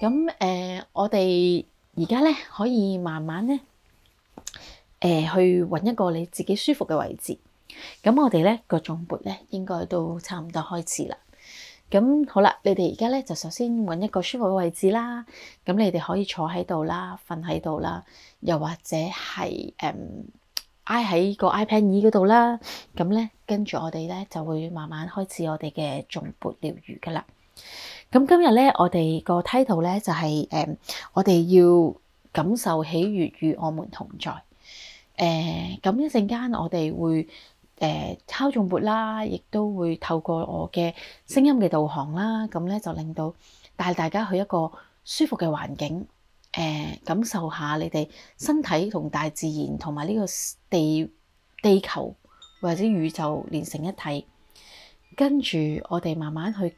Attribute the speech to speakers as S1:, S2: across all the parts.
S1: 咁誒、呃，我哋而家咧可以慢慢咧誒、呃、去揾一個你自己舒服嘅位置。咁我哋咧個頌缽咧應該都差唔多開始啦。咁好啦，你哋而家咧就首先揾一個舒服嘅位置啦。咁你哋可以坐喺度啦、瞓喺度啦，又或者係誒挨喺個 iPad 椅嗰度啦。咁咧，跟住我哋咧就會慢慢開始我哋嘅頌缽療癒噶啦。咁今日咧，我哋個 title 咧就係、是、誒、呃、我哋要感受喜悅與我們同在。誒咁一陣間我哋會誒、呃、敲頌缽啦，亦都會透過我嘅聲音嘅導航啦，咁咧就令到帶大家去一個舒服嘅環境，誒、呃、感受下你哋身體同大自然同埋呢個地地球、或者宇宙連成一體，跟住我哋慢慢去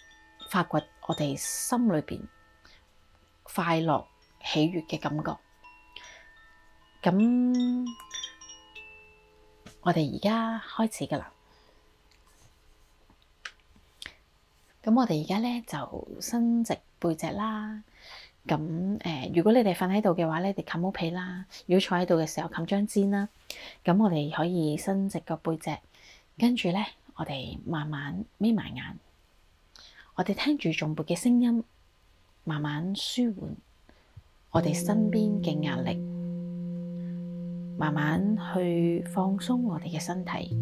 S1: 發掘。我哋心裏邊快樂、喜悅嘅感覺，咁我哋而家開始噶啦。咁我哋而家咧就伸直背脊啦。咁誒、呃，如果你哋瞓喺度嘅話咧，你冚好被啦；如果坐喺度嘅時候冚張氈啦。咁我哋可以伸直個背脊，跟住咧我哋慢慢眯埋眼。我哋聽住頌缽嘅聲音，慢慢舒緩我哋身邊嘅壓力，慢慢去放鬆我哋嘅身體，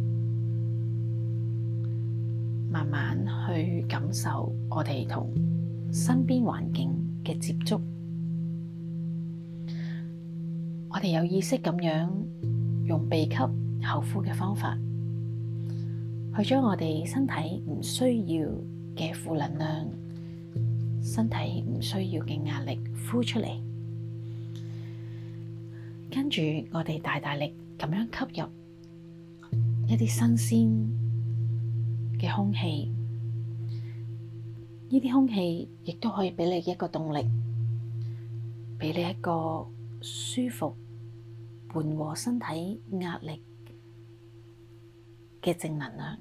S1: 慢慢去感受我哋同身邊環境嘅接觸。我哋有意識咁樣用鼻吸口呼嘅方法，去將我哋身體唔需要嘅負能量，身體唔需要嘅壓力呼出嚟，跟住我哋大大力咁樣吸入一啲新鮮嘅空氣，呢啲空氣亦都可以畀你一個動力，畀你一個舒服、緩和身體壓力嘅正能量。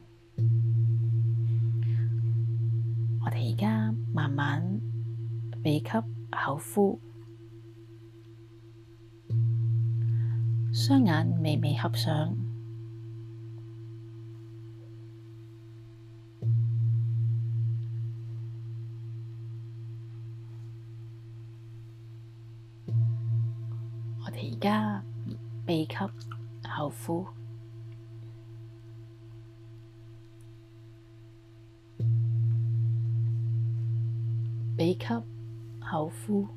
S1: 我哋而家慢慢鼻吸口呼，雙眼微微合上。我哋而家鼻吸口呼。鼻吸，口呼。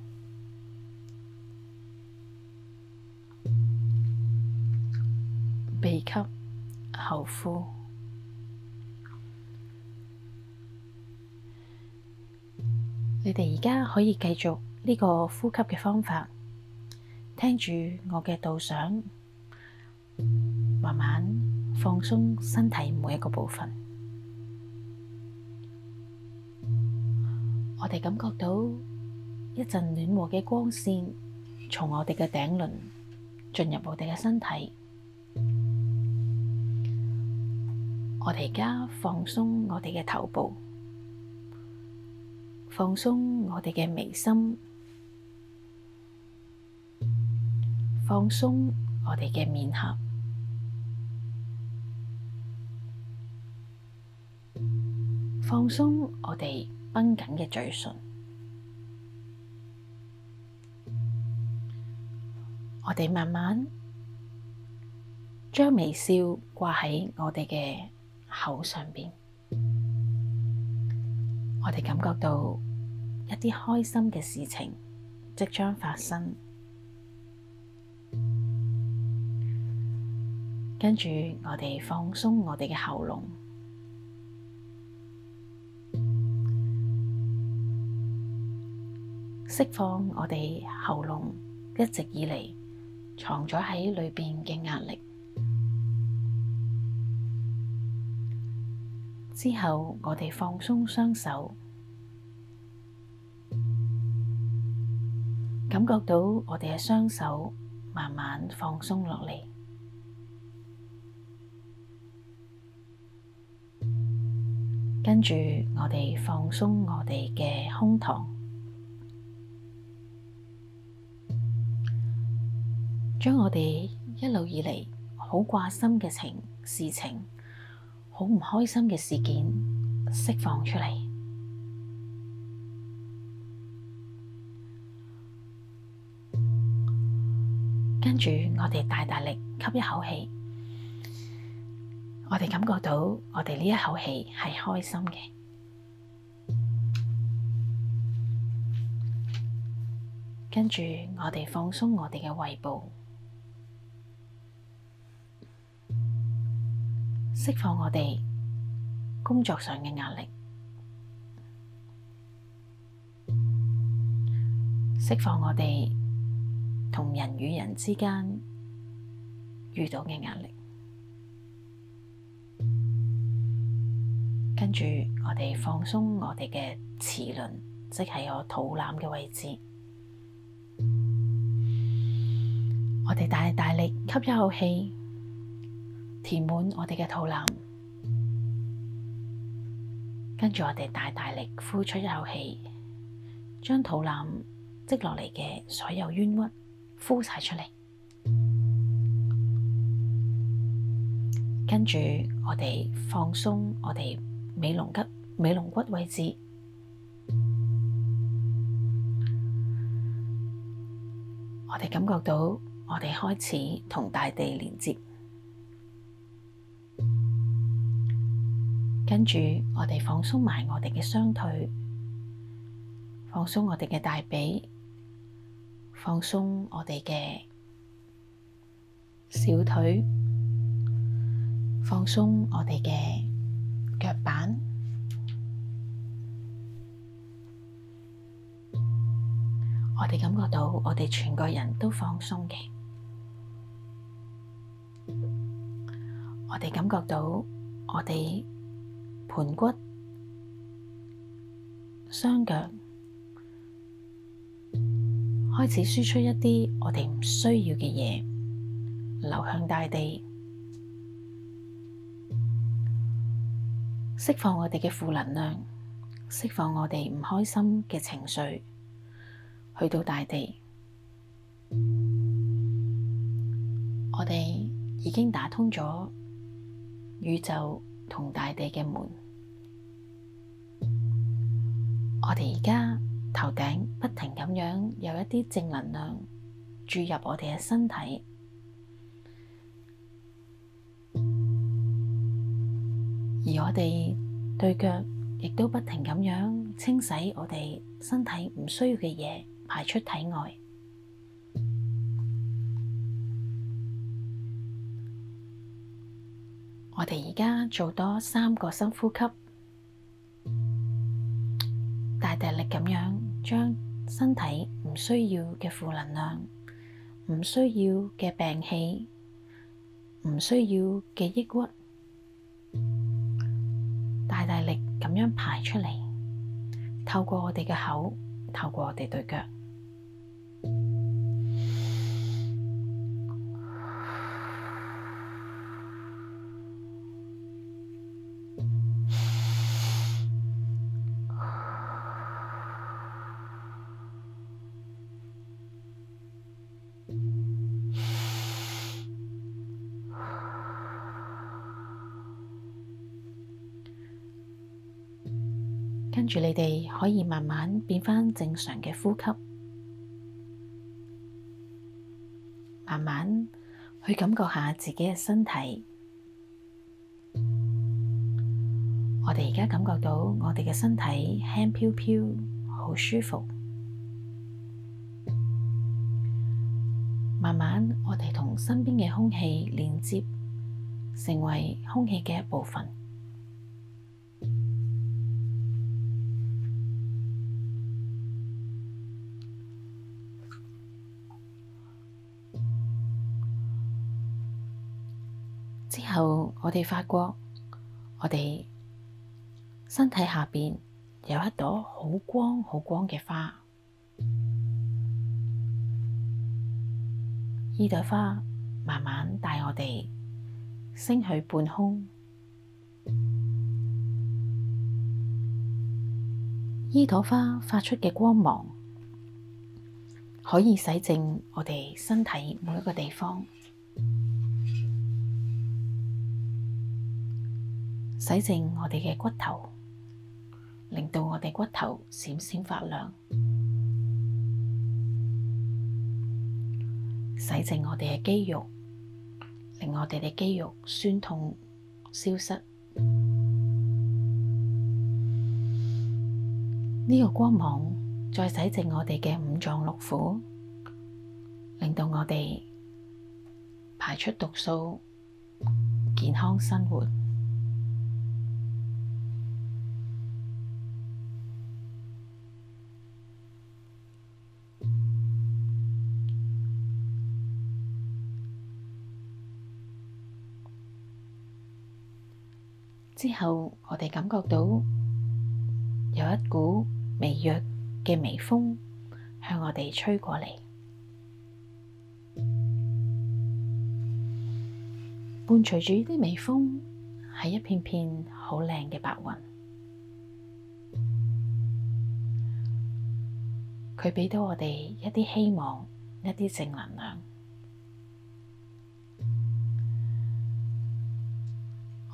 S1: 鼻吸，口呼。你哋而家可以繼續呢個呼吸嘅方法，聽住我嘅導賞，慢慢放鬆身體每一個部分。我哋感覺到一陣暖和嘅光線從我哋嘅頂輪進入我哋嘅身體。我哋而家放鬆我哋嘅頭部，放鬆我哋嘅眉心，放鬆
S2: 我哋嘅面頰，
S1: 放鬆我哋。繃緊嘅嘴唇，我哋慢慢將微笑掛喺我哋嘅口上邊，我哋感覺到一啲開心嘅事情即將發生，跟住我哋放鬆我哋嘅喉嚨。釋放我哋喉嚨，一直以嚟藏咗喺裏邊嘅壓力，之後我哋放鬆雙手，感覺到我哋嘅雙手慢慢放鬆落嚟，跟住我哋放鬆我哋嘅胸膛。將我哋一路以嚟好掛心嘅情事情，好唔開心嘅事件釋放出嚟，跟住我哋大大力吸一口氣，我哋感覺到我哋呢一口氣係開心嘅，跟住我哋放鬆我哋嘅胃部。釋放我哋工作上嘅壓力，釋放我哋同人與人之間遇到嘅壓力，跟住我哋放鬆我哋嘅臍輪，即係我肚腩嘅位置。我哋大大力吸一口氣。填滿我哋嘅肚腩，跟住我哋大大力呼出一口氣，將肚腩積落嚟嘅所有冤屈呼晒出嚟，跟住我哋放鬆我哋尾龍骨、尾龍骨位置，我哋感覺到我哋開始同大地連接。跟住，我哋放鬆埋我哋嘅雙腿，放鬆我哋嘅大髀，放鬆我哋嘅小腿，放鬆我哋嘅腳板。我哋感覺到我哋全個人都放鬆嘅。我哋感覺到我哋。盆骨、雙腳開始輸出一啲我哋唔需要嘅嘢，流向大地，釋放我哋嘅負能量，釋放我哋唔開心嘅情緒，去到大地，我哋已經打通咗宇宙同大地嘅門。我哋而家頭頂不停咁樣有一啲正能量注入我哋嘅身體，而我哋對腳亦都不停咁樣清洗我哋身體唔需要嘅嘢，排出體外。我哋而家做多三個深呼吸。咁樣將身體唔需要嘅負能量、唔需要嘅病氣、唔需要嘅抑鬱，大大力咁樣排出嚟，透過我哋嘅口，透過我哋對腳。你哋可以慢慢變翻正常嘅呼吸，慢慢去感覺下自己嘅身體。我哋而家感覺到我哋嘅身體輕飄飄，好舒服。慢慢，我哋同身邊嘅空氣連接，成為空氣嘅一部分。然後我哋發覺，我哋身體下邊有一朵好光好光嘅花，呢 朵花慢慢帶我哋升去半空，呢 朵花發出嘅光芒，可以洗淨我哋身體每一個地方。洗淨我哋嘅骨頭，令到我哋骨頭閃閃發亮；洗淨我哋嘅肌肉，令我哋嘅肌肉酸痛消失。呢個光芒再洗淨我哋嘅五臟六腑，令到我哋排出毒素，健康生活。之後，我哋感覺到有一股微弱嘅微風向我哋吹過嚟，伴隨住呢啲微風，係一片片好靚嘅白雲，佢畀到我哋一啲希望，一啲正能量。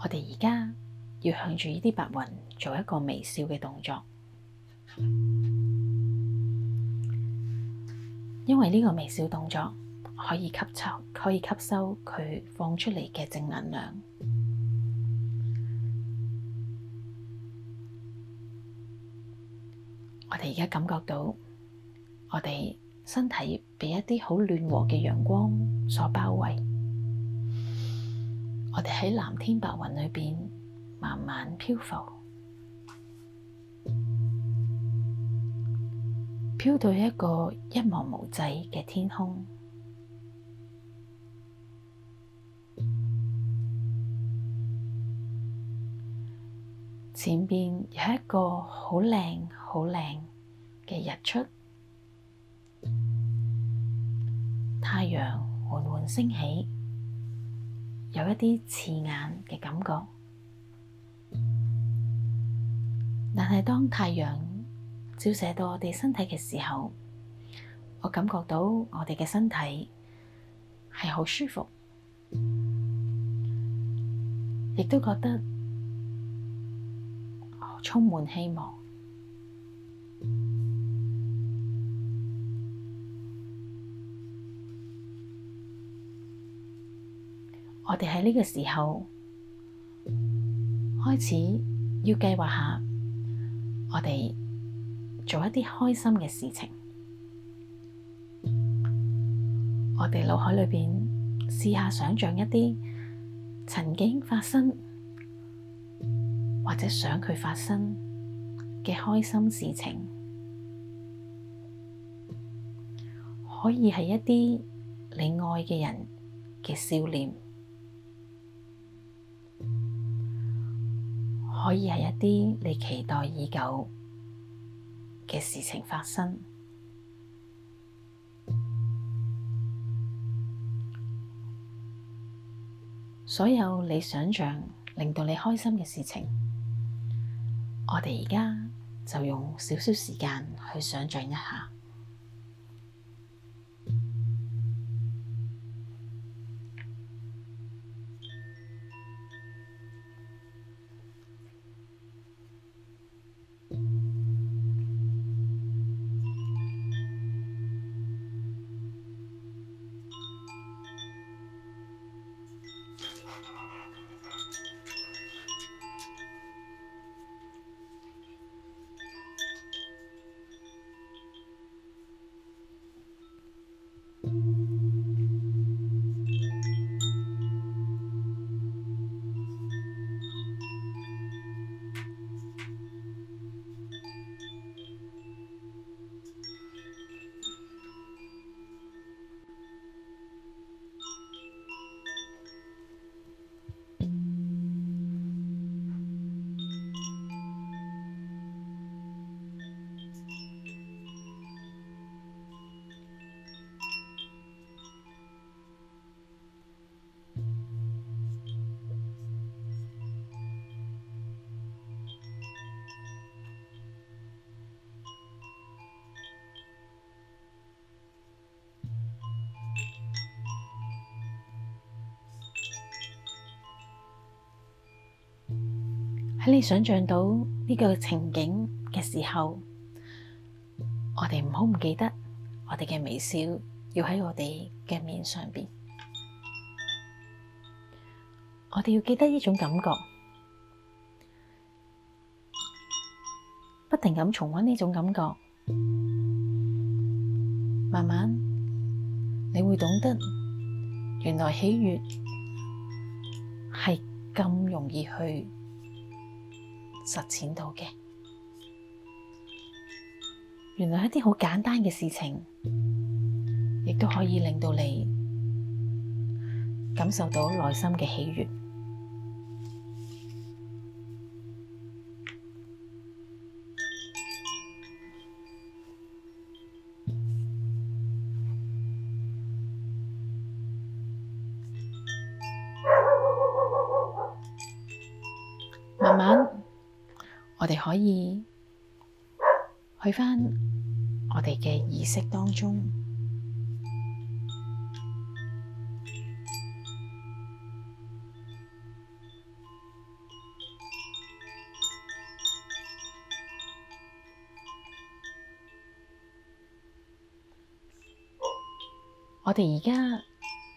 S1: 我哋而家。要向住呢啲白雲做一個微笑嘅動作，因為呢個微笑動作可以吸收，可以吸收佢放出嚟嘅正能量。我哋而家感覺到，我哋身體被一啲好暖和嘅陽光所包圍，我哋喺藍天白雲裏邊。慢慢漂浮，飄到一個一望無際嘅天空，前面有一個好靚好靚嘅日出，太陽緩緩升起，有一啲刺眼嘅感覺。但係，當太陽照射到我哋身體嘅時候，我感覺到我哋嘅身體係好舒服，亦都覺得充滿希望。我哋喺呢個時候開始要計劃下。我哋做一啲開心嘅事情，我哋腦海裏邊試下想像一啲曾經發生，或者想佢發生嘅開心事情，可以係一啲你愛嘅人嘅笑臉。可以係一啲你期待已久嘅事情發生，所有你想象令到你開心嘅事情，我哋而家就用少少時間去想象一下。喺你想象到呢個情景嘅時候，我哋唔好唔記得，我哋嘅微笑要喺我哋嘅面上邊，我哋要記得呢種感覺，不停咁重溫呢種感覺，慢慢你會懂得，原來喜悅係咁容易去。實踐到嘅，原來一啲好簡單嘅事情，亦都可以令到你感受到內心嘅喜悦。我哋可以去返我哋嘅儀式當中。我哋而家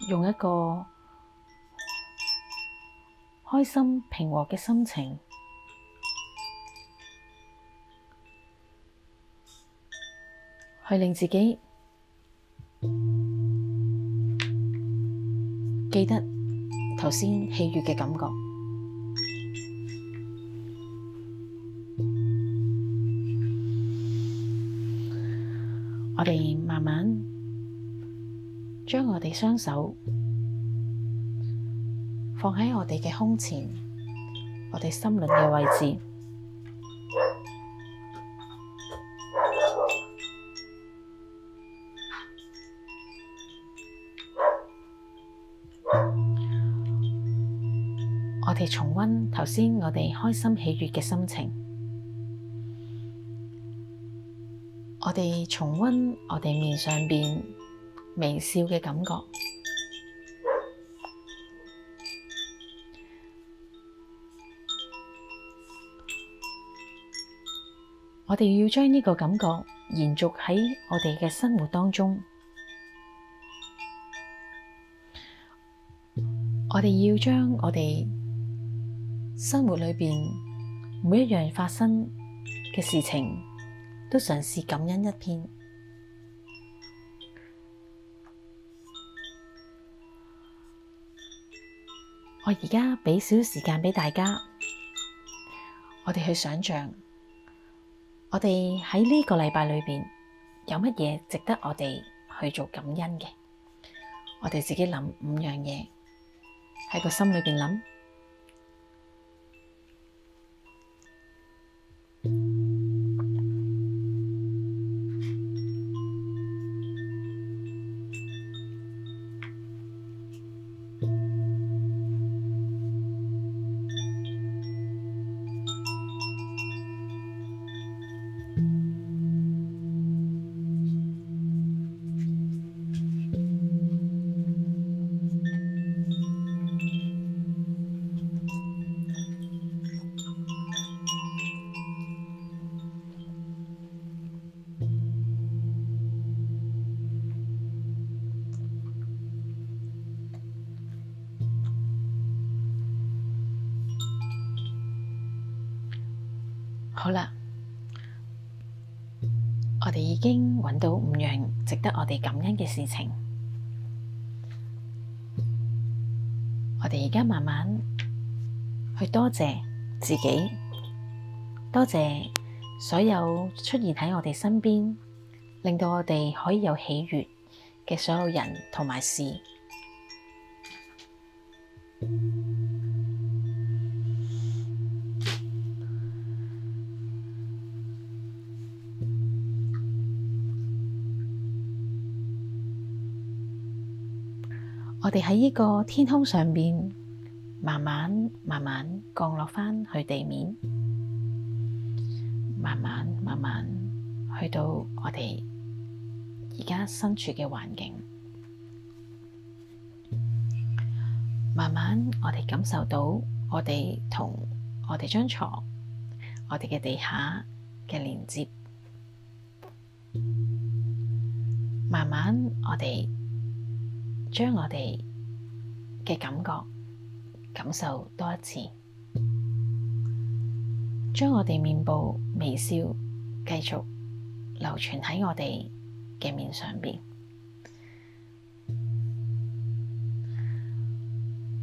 S1: 用一個開心平和嘅心情。去令自己記得頭先喜悅嘅感覺。 我哋慢慢將我哋雙手放喺我哋嘅胸前，我哋心輪嘅位置。頭先我哋開心喜悅嘅心情，我哋重温我哋面上面微笑嘅感覺。我哋要將呢個感覺延續喺我哋嘅生活當中。我哋要將我哋。生活裏邊每一樣發生嘅事情，都嘗試感恩一片。我而家畀少少時間畀大家，我哋去想象我哋喺呢個禮拜裏邊有乜嘢值得我哋去做感恩嘅，我哋自己諗五樣嘢喺個心裏邊諗。好啦，我哋已經揾到五樣值得我哋感恩嘅事情。我哋而家慢慢去多謝自己，多謝所有出現喺我哋身邊，令到我哋可以有喜悅嘅所有人同埋事。我哋喺呢個天空上邊，慢慢慢慢降落返去地面，慢慢慢慢去到我哋而家身處嘅環境，慢慢我哋感受到我哋同我哋張床、我哋嘅地下嘅連接，慢慢我哋。將我哋嘅感覺感受多一次，將我哋面部微笑繼續流傳喺我哋嘅面上邊。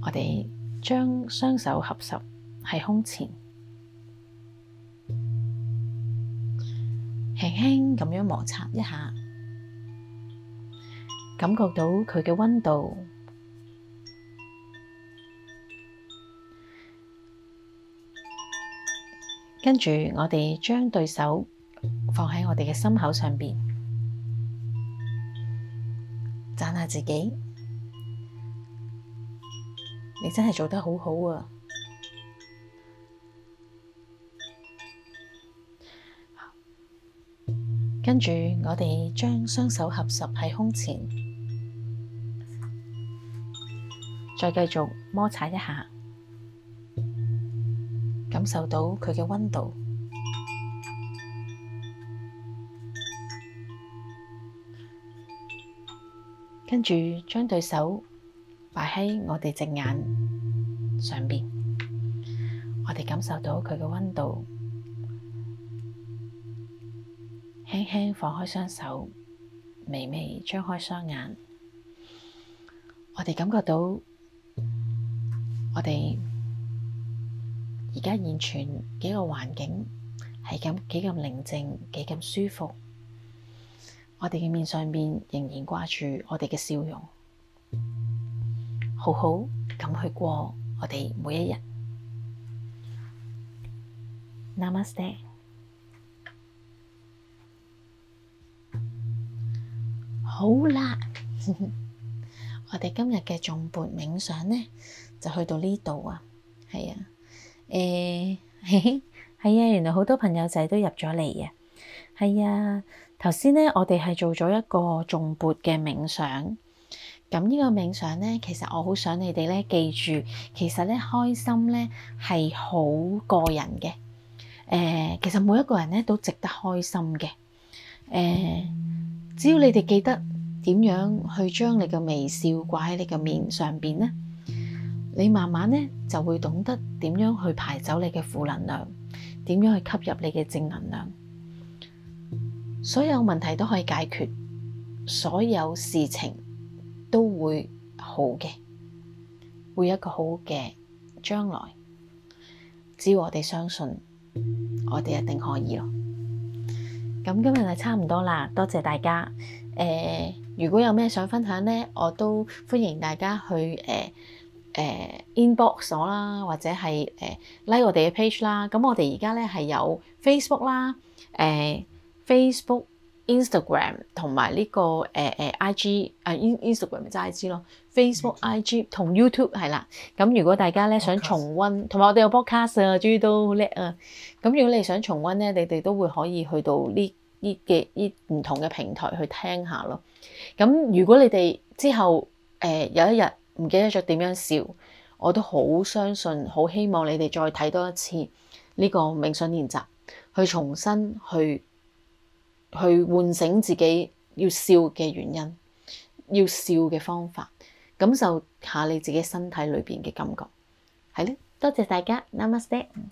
S1: 我哋將雙手合十喺胸前，輕輕咁樣摩擦一下。感覺到佢嘅溫度，跟住，我哋將對手放喺我哋嘅心口上面，讚下自己，你真係做得好好啊！跟住，我哋將雙手合十喺胸前。再繼續摩擦一下，感受到佢嘅溫度，跟住將對手擺喺我哋隻眼上面，我哋感受到佢嘅溫度，輕輕放開雙手，微微張開雙眼，我哋感覺到。我哋而家現存幾個環境係咁幾咁寧靜，幾咁舒服，我哋嘅面上面仍然掛住我哋嘅笑容，好好咁去過我哋每一日。Namaste。好啦。 我哋今日嘅頌缽冥想咧，就去到呢度啊，係啊，誒，嘿嘿，係啊，原來好多朋友仔都入咗嚟啊，係啊，頭先咧，我哋係做咗一個頌缽嘅冥想，咁呢個冥想咧，其實我好想你哋咧記住，其實咧開心咧係好個人嘅，誒，其實每一個人咧都值得開心嘅，誒，只要你哋記得。點樣去將你嘅微笑掛喺你嘅面上邊呢？你慢慢咧就會懂得點樣去排走你嘅負能量，點樣去吸入你嘅正能量。所有問題都可以解決，所有事情都會好嘅，會有一個好嘅將來。只要我哋相信，我哋一定可以咯。咁今日就差唔多啦，多謝大家誒。呃如果有咩想分享呢，我都歡迎大家去誒誒、呃呃、inbox 我啦，或者係誒、呃、like 我哋嘅 page 啦。咁我哋而家呢係有 Facebook 啦，誒、呃、Facebook Instagram、這個、呃、IG, Instagram 同埋呢個誒誒 IG 啊，In Instagram 咪就係 IG 咯。Facebook、IG 同 YouTube 係啦。咁如果大家呢想重温，同埋我哋有 podcast 啊，終於都叻啊。咁如果你想重温呢，你哋都會可以去到呢。呢啲呢唔同嘅平台去聽下咯。咁如果你哋之後誒、呃、有一日唔記得咗點樣笑，我都好相信，好希望你哋再睇多一次呢個冥想練習，去重新去去喚醒自己要笑嘅原因，要笑嘅方法，感受下你自己身體裏邊嘅感覺。係咧，多謝大家，Namaste。Nam